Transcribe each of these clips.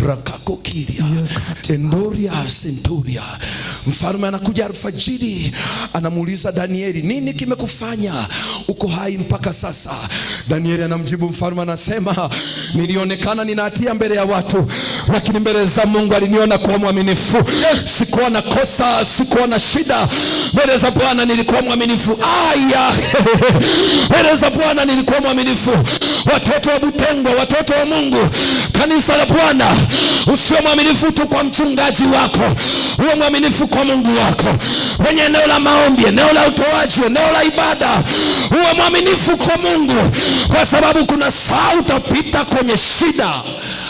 rakakokiria endoria centuria. Mfalme anakuja alfajiri, anamuuliza Danieli, nini kimekufanya uko hai mpaka sasa? Danieli anamjibu mfalme, anasema nilionekana ninatia mbele ya watu, lakini mbele za Mungu aliniona kuwa mwaminifu. Sikuwa na kosa, sikuwa na shida. Mbele za Bwana nilikuwa mwaminifu. Aya, mbele za Bwana nilikuwa mwaminifu. Watoto wa Butengwa, watoto wa Mungu, kanisa la Bwana, usio mwaminifu tu kwa mchungaji wako, uwe mwaminifu kwa Mungu wako. Kwenye eneo la maombi, eneo la utoaji, eneo la ibada, uwe mwaminifu kwa Mungu, kwa sababu kuna saa utapita kwenye shida,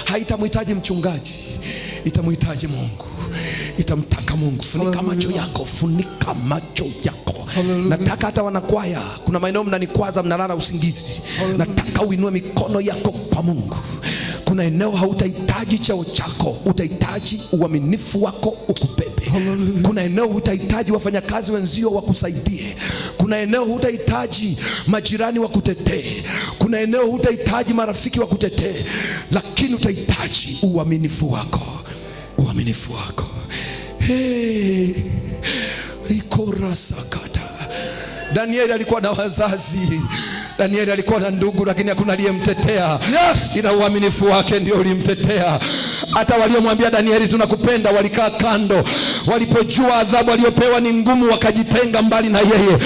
haitamhitaji mchungaji mchungaji, itamhitaji Mungu, itamtaka Mungu. Funika macho yako, funika macho yako. Hallelujah. Nataka hata wanakwaya, kuna maeneo mnanikwaza, mnalala usingizi. Hallelujah. Nataka uinue mikono yako kwa Mungu. Kuna eneo hautahitaji cheo chako, utahitaji uaminifu wako ukupe dhambi. Kuna eneo hutahitaji wafanyakazi wenzio wakusaidie. Kuna eneo hutahitaji majirani wakutetee. Kuna eneo hutahitaji marafiki wakutetee, lakini utahitaji uaminifu wako, uaminifu wako. Hey, ikorasakata Danieli alikuwa na wazazi Danieli alikuwa na ndugu, lakini hakuna aliyemtetea, Yes. ila uaminifu wake ndio ulimtetea. Hata waliomwambia Danieli tunakupenda walikaa kando, walipojua adhabu aliyopewa ni ngumu, wakajitenga mbali na yeye,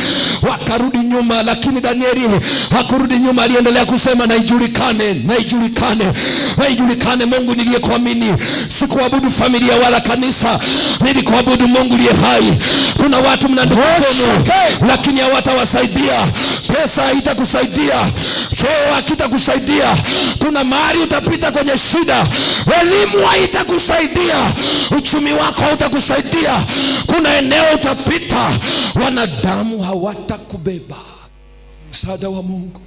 wakarudi nyuma, lakini Danieli hakurudi nyuma, aliendelea kusema naijulikane, naijulikane, naijulikane Mungu niliyekuamini. Sikuabudu familia wala kanisa, nilikuabudu Mungu liye hai. Kuna watu mna ndugu zenu, lakini hawatawasaidia, pesa haitakusaidia kitakusaidia, choo hakitakusaidia. Kuna mahali utapita kwenye shida, elimu haitakusaidia, uchumi wako hautakusaidia. Kuna eneo utapita, wanadamu hawatakubeba. Msaada wa Mungu,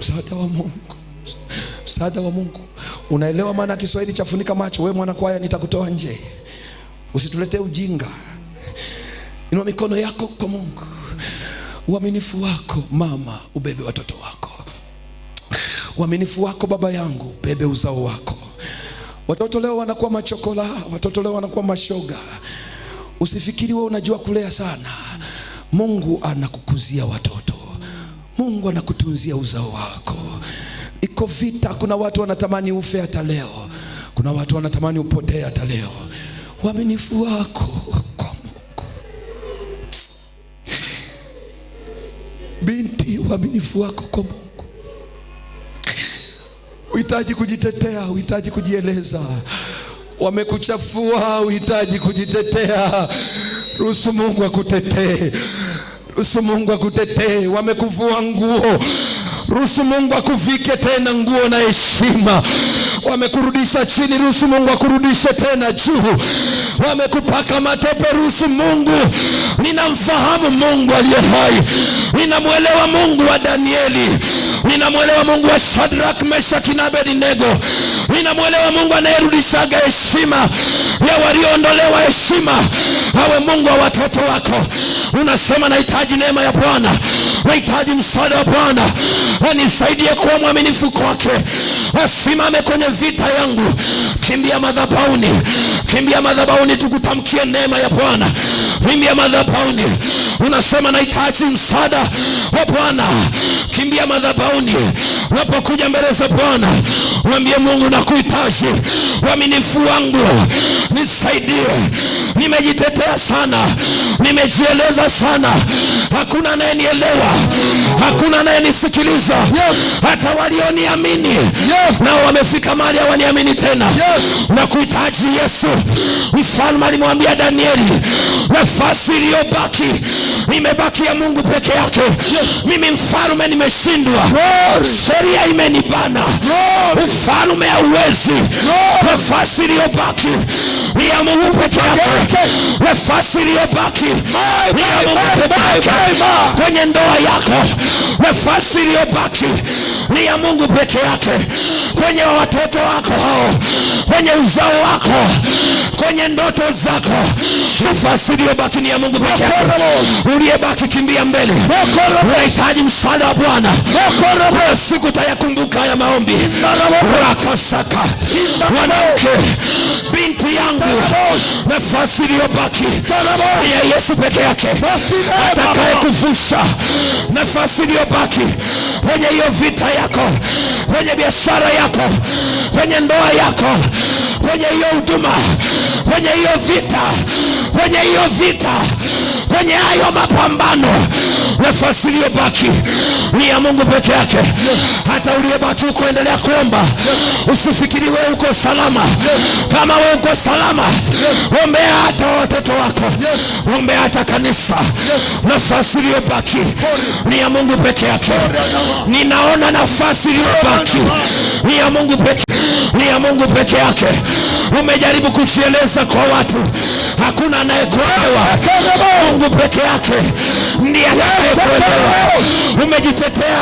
msaada wa Mungu, msaada wa Mungu. Unaelewa maana ya Kiswahili cha funika macho? We mwana kwaya, nitakutoa nje, usituletee ujinga. Inua mikono yako kwa Mungu. Uaminifu wako mama, ubebe watoto wako. Uaminifu wako baba yangu, bebe uzao wako. Watoto leo wanakuwa machokola, watoto leo wanakuwa mashoga. Usifikiri wewe unajua kulea sana. Mungu anakukuzia watoto, Mungu anakutunzia uzao wako. Iko vita, kuna watu wanatamani ufe hata leo, kuna watu wanatamani upotee hata leo. Uaminifu wako binti, uaminifu wako kwa Mungu. Uhitaji kujitetea, uhitaji kujieleza. Wamekuchafua, uhitaji kujitetea. Ruhusu Mungu akutetee, ruhusu Mungu akutetee. Wamekuvua nguo, ruhusu Mungu akuvike tena nguo na heshima. Wamekurudisha chini, ruhusu Mungu akurudishe tena juu wamekupaka matope, ruhusu Mungu. Ninamfahamu Mungu aliye hai, ninamwelewa Mungu wa Danieli. Ninamwelewa Mungu wa Shadrach, Meshaki na Abednego. Ninamwelewa Mungu anayerudishaga heshima ya walioondolewa heshima. Awe Mungu wa watoto wako. Unasema nahitaji neema ya Bwana, nahitaji msaada wa Bwana, anisaidie kuwa mwaminifu kwake, asimame kwenye vita yangu. Kimbia madhabahuni, kimbia madhabahuni, tukutamkie neema ya Bwana. Kimbia madhabahuni, unasema nahitaji msaada wa Bwana, kimbia madhabauni unapokuja mbele za Bwana, mwambie Mungu, nakuhitaji, waminifu wangu nisaidie, nimejitetea sana, nimejieleza sana, hakuna anayenielewa, hakuna anayenisikiliza yes. hata walioniamini yes. nao wamefika mahali hawaniamini tena yes. nakuhitaji Yesu. Mfalme alimwambia Danieli, nafasi iliyobaki imebaki ya Mungu peke yake yes. mimi mfalme nimeshi seria sheria imenibana, ufalme uwezi, Nafasi iliyobaki ni ya Mungu peke yake, nafasi iliyobaki ni ya Mungu peke yake. Kwenye ndoa yako, nafasi iliyobaki ni ya Mungu peke yake, kwenye watoto wako hao, kwenye uzao wako, kwenye ndoto zako, nafasi iliyobaki ni ya Mungu peke yake. Uliyebaki kimbia mbele, unahitaji msaada wa Bwana siku tayakumbuka ya maombi rakasaka. Mwanamke binti yangu, nafasi iliyobaki ya Yesu peke yake, atakaye kuvusha nafasi iliyobaki kwenye hiyo vita yako, kwenye biashara yako, kwenye ndoa yako, kwenye hiyo huduma, kwenye hiyo vita, kwenye hiyo vita, kwenye hayo mapambano Nafasi iliyobaki ni ya Mungu peke yake. Hata uliyebaki uko, endelea kuomba, usifikiri wewe uko salama. Kama wewe uko salama, ombea hata watoto wako, ombea hata kanisa. Nafasi iliyobaki ni ya Mungu peke yake. Ninaona nafasi iliyobaki ni ya Mungu peke ni ya Mungu peke yake. Umejaribu kujieleza kwa watu, hakuna anayekuelewa. Mungu peke yake ndiye anayekuelewa. Umejitetea,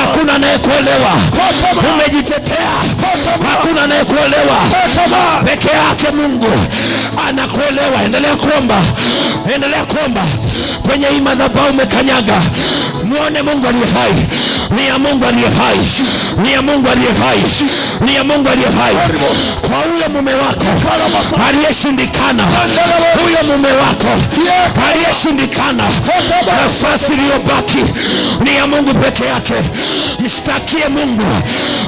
hakuna anayekuelewa. Umejitetea, hakuna anayekuelewa. Peke yake Mungu anakuelewa. Endelea kuomba, endelea kuomba kwenye hii madhabahu umekanyaga, muone Mungu aliye hai, ni ya Mungu aliye hai ni ya Mungu aliye hai, ni ya Mungu aliye hai. Kwa huyo mume wako aliyeshindikana, huyo mume wako aliyeshindikana, nafasi iliyobaki ni ya Mungu peke yake. Mshtakie Mungu,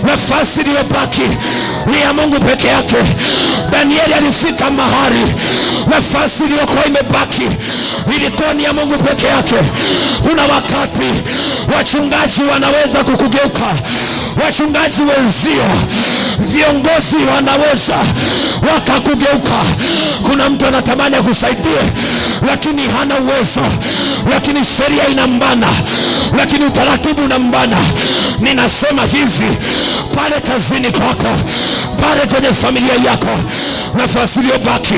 nafasi iliyobaki ni ya Mungu peke yake. Danieli alifika mahali nafasi iliyokuwa imebaki ilikuwa ni ya Mungu peke yake. Kuna wakati wachungaji wanaweza kukugeuka wachungaji wenzio, viongozi wanaweza wakakugeuka. Kuna mtu anatamani akusaidie, lakini hana uwezo, lakini sheria inambana, lakini utaratibu unambana. Ninasema hivi, pale kazini kwako, pale kwenye familia yako nafasi iliyobaki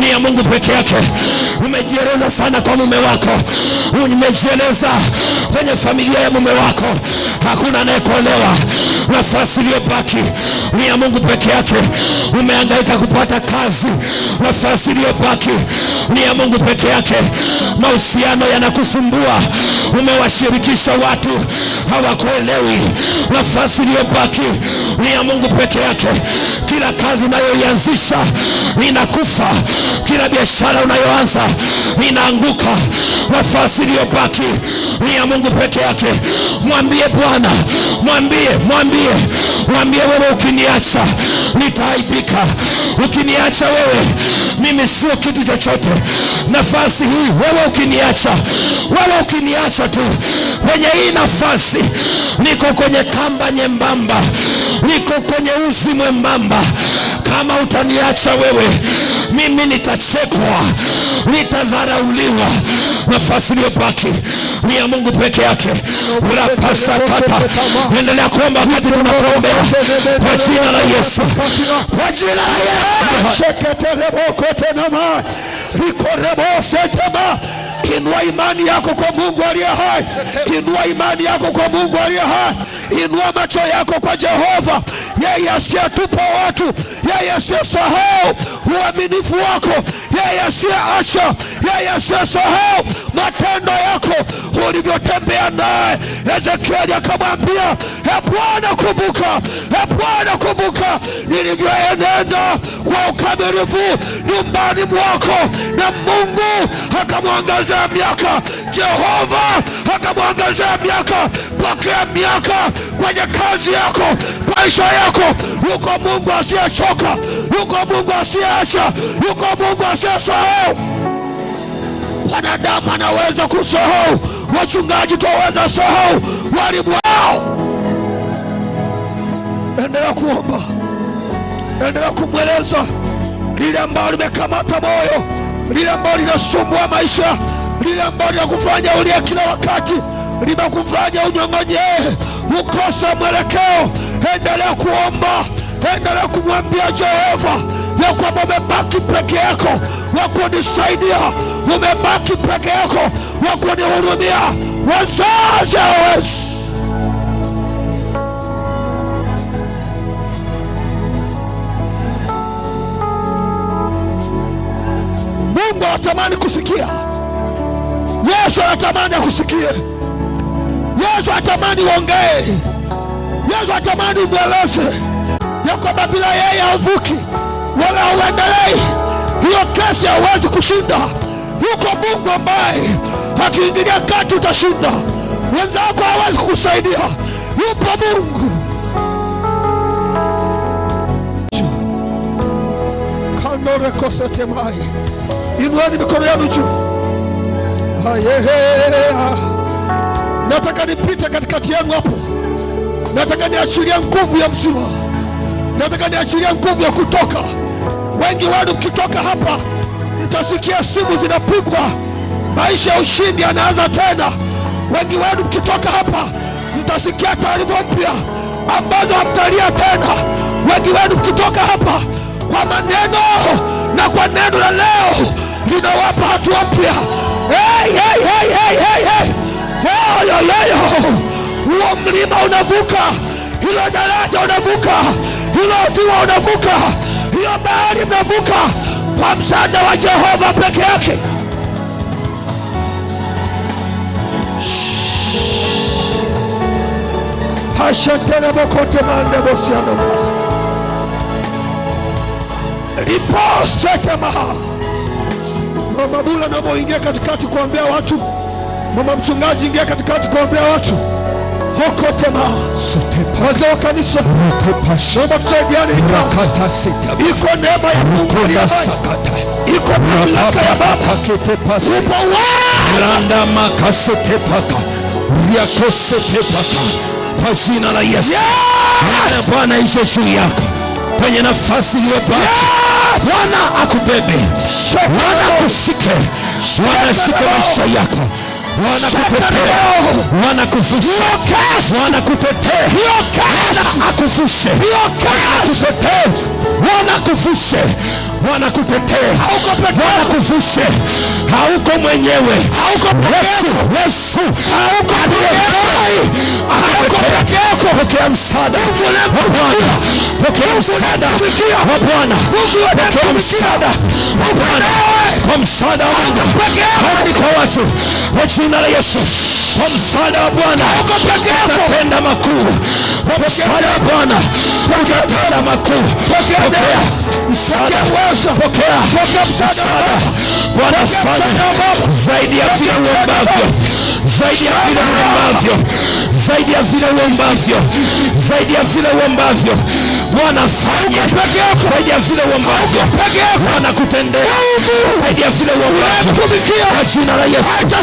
ni ya Mungu peke yake. Umejieleza sana kwa mume wako, umejieleza kwenye familia ya mume wako, hakuna anayekuolewa. Nafasi iliyobaki ni ya Mungu peke yake. Umehangaika kupata kazi, nafasi iliyobaki ni ya Mungu peke yake. Mahusiano yanakusumbua, umewashirikisha watu hawakuelewi, nafasi iliyobaki ni ya Mungu peke yake. Kila kazi unayoianzisha inakufa. Kila biashara unayoanza inaanguka. Nafasi iliyobaki ni ya Mungu peke yake. Mwambie Bwana, mwambie, mwambie, mwambie, wewe ukiniacha nitaaibika, ukiniacha wewe mimi sio kitu chochote. Nafasi hii wewe ukiniacha, wewe ukiniacha tu kwenye hii nafasi, niko kwenye kamba nyembamba, niko kwenye uzi mwembamba kama utaniacha wewe, mimi nitachekwa, nitadharauliwa. Nafasi iliyobaki ni ya Mungu peke yake. urapasakata endelea kuomba wakati tunapoombea kwa jina la Yesu, kwa jina la Yesu. Inua imani yako kwa Mungu aliye hai, inua imani yako kwa Mungu aliye hai, inua macho yako kwa Jehova, yeye asiyetupa watu, yeye asiyesahau uaminifu wako, yeye asiyeacha, yeye asiyesahau matendo yako, ulivyotembea naye. Ezekieli akamwambia, e Bwana, kumbuka, e Bwana, kumbuka nilivyoenenda kwa ukamilifu nyumbani mwako, na Mungu akamwangazia akamwongezea miaka. Jehova akamwongezea miaka. Pokea miaka kwenye kazi yako, maisha yako. Yuko Mungu asiyechoka, yuko Mungu asiyeacha, yuko Mungu asiyesahau. Wanadamu anaweza kusahau, wachungaji twaweza sahau, walimu wao. Endelea kuomba, endelea kumweleza lile ambalo limekamata moyo, lile ambalo linasumbua maisha lile ambalo linakufanya ulia kila wakati, limekufanya unyong'onyee, ukosa mwelekeo. Endelea kuomba, endelea kumwambia Jehova ya kwamba umebaki peke yako wa kunisaidia, umebaki peke yako wa kunihurumia. Wazazi wetu Mungu anatamani kusikia Yesu anatamani akusikie. Yesu anatamani uongee. Yesu anatamani umweleze ya kwamba bila yeye hauvuki wala hauendelei. Hiyo kesi hauwezi kushinda. Yuko Mungu ambaye akiingilia kati utashinda. Wenzako hawezi kukusaidia, yupo Mungu. kandorekosetemai inueni mikono yenu juu. Nataka nipite katikati yenu hapo, nataka niachilie nguvu ya mzima, nataka niachilie nguvu ya kutoka. Wengi wenu mkitoka hapa, mtasikia simu zinapigwa, maisha ya ushindi yanaanza tena. Wengi wenu mkitoka hapa, mtasikia taarifa mpya ambazo hamtalia tena. Wengi wenu mkitoka hapa, kwa maneno na kwa neno la leo linawapa hatua mpya hey, hey, hey, hey, hey, hey. Leo leo leo huo mlima unavuka, hilo daraja unavuka, hilo ziwa unavuka, hiyo bahari mnavuka kwa msaada wa Jehova peke yake. mokote mandevosianoma bosiana maha Mama Bula, naomba ingia katikati kuambia watu. Mama mchungaji, ingia katikati kuambia watu hokotemawazee wa kanisa, naomba tusaidiane. Iko neema ya Mungu, iko mamlaka ya Baba, upo wazi kwa jina la Yesu. Bwana izo juu yako kwenye nafasi iliyobaki. Bwana akubebe, Bwana akushike, Bwana ashike maisha yako Bwana Bwana Bwana kutetee, kutetee, Bwana wanakutetea, Bwana wanakutetea Bwana kuvushe, Bwana kutetee, Bwana kuvushe. Hauko mwenyewe, hauko Yesu, Yesu pokea msaada wa Bwana, pokea msaada wa Bwana, pokea msaada wa Bwana, kwa msaada wa Mungu, kwa watu, kwa jina la Yesu. Kwa msaada wa Bwana utatenda makuu, msaada wa Bwana utatenda makuu. Pokea msaada, pokea msaada. Bwana fanya zaidi ya vile uombavyo, zaidi ya vile uombavyo, zaidi ya vile uombavyo, zaidi ya vile uombavyo Bwana saidia, peke yako, saidia zile uombazo peke yako, Bwana kutendea, saidia zile uombazo uongozi kwa jina la Yesu, Acha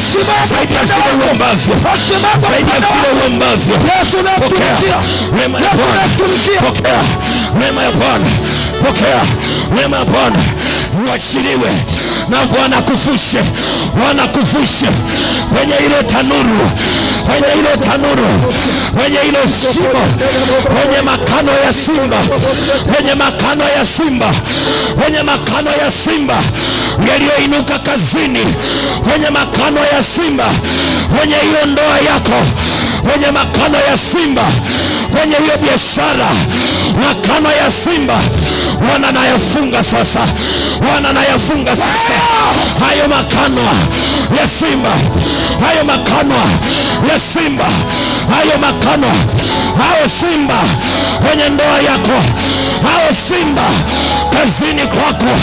saidia zile uongozi, saidia zile uombazo. Yesu, na pokea neema ya Bwana, pokea neema ya Bwana. Pokea wema wa Bwana, uachiliwe na Bwana kufushe Bwana kufushe kwenye ile tanuru, kwenye ile tanuru, kwenye ile shimo, kwenye makano ya simba, kwenye makano ya simba, kwenye makano ya simba yaliyoinuka kazini, kwenye makano ya simba, kwenye hiyo ndoa yako, kwenye makano ya simba, kwenye hiyo biashara, makano ya simba Bwana nayafunga sasa, Bwana nayafunga sasa hayo makanwa ya simba, hayo makanwa ya simba, hayo makanwa, hao simba kwenye ndoa yako, hao simba kazini kwako,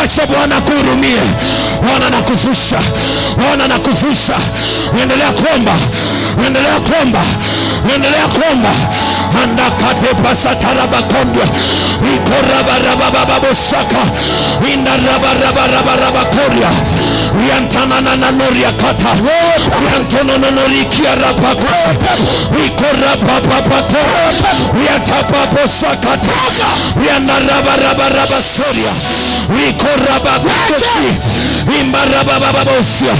wacha Bwana kuhurumie. Bwana nakuvusha, Bwana nakuvusha. Endelea kuomba, endelea kuomba, endelea kuomba handa kate pasa taraba kondia iko raba raba baba koria riantana noria kata riantono no norikia raba kosa soria imbarabababosia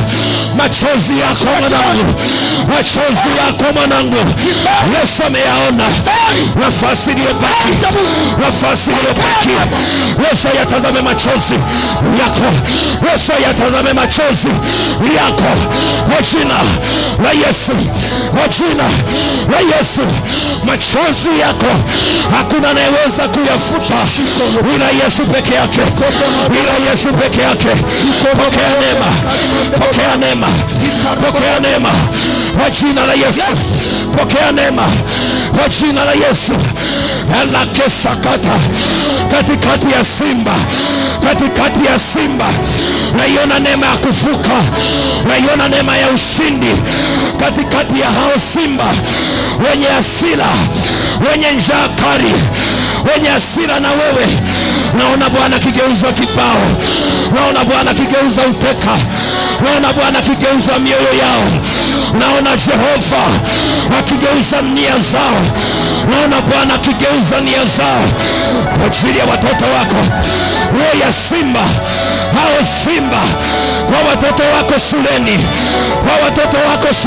machozi yako mwanangu, machozi yako mwanangu, Yesu ameyaona. Nafasi iliyobaki, nafasi iliyobaki, Yesu ayatazame machozi yako, Yesu yatazame machozi yako, kwa jina la Yesu, kwa jina la Yesu. Machozi yako hakuna anayeweza kuyafuta ila Yesu peke yake bila Yesu peke yake. Pokea neema, pokea neema, pokea neema kwa jina la Yesu, pokea neema kwa jina la Yesu. Elakesakata katikati ya simba, katikati ya simba, naiona neema ya kuvuka, naiona neema ya ushindi katikati ya hao simba wenye asila, wenye njaa kali wenye hasira na wewe. Naona Bwana akigeuza kibao naona Bwana akigeuza uteka, naona Bwana akigeuza mioyo yao, naona Jehova akigeuza nia zao, naona Bwana akigeuza nia zao kwa ajili ya watoto wako. Roho ya simba hao simba kwa watoto wako shuleni, kwa watoto wako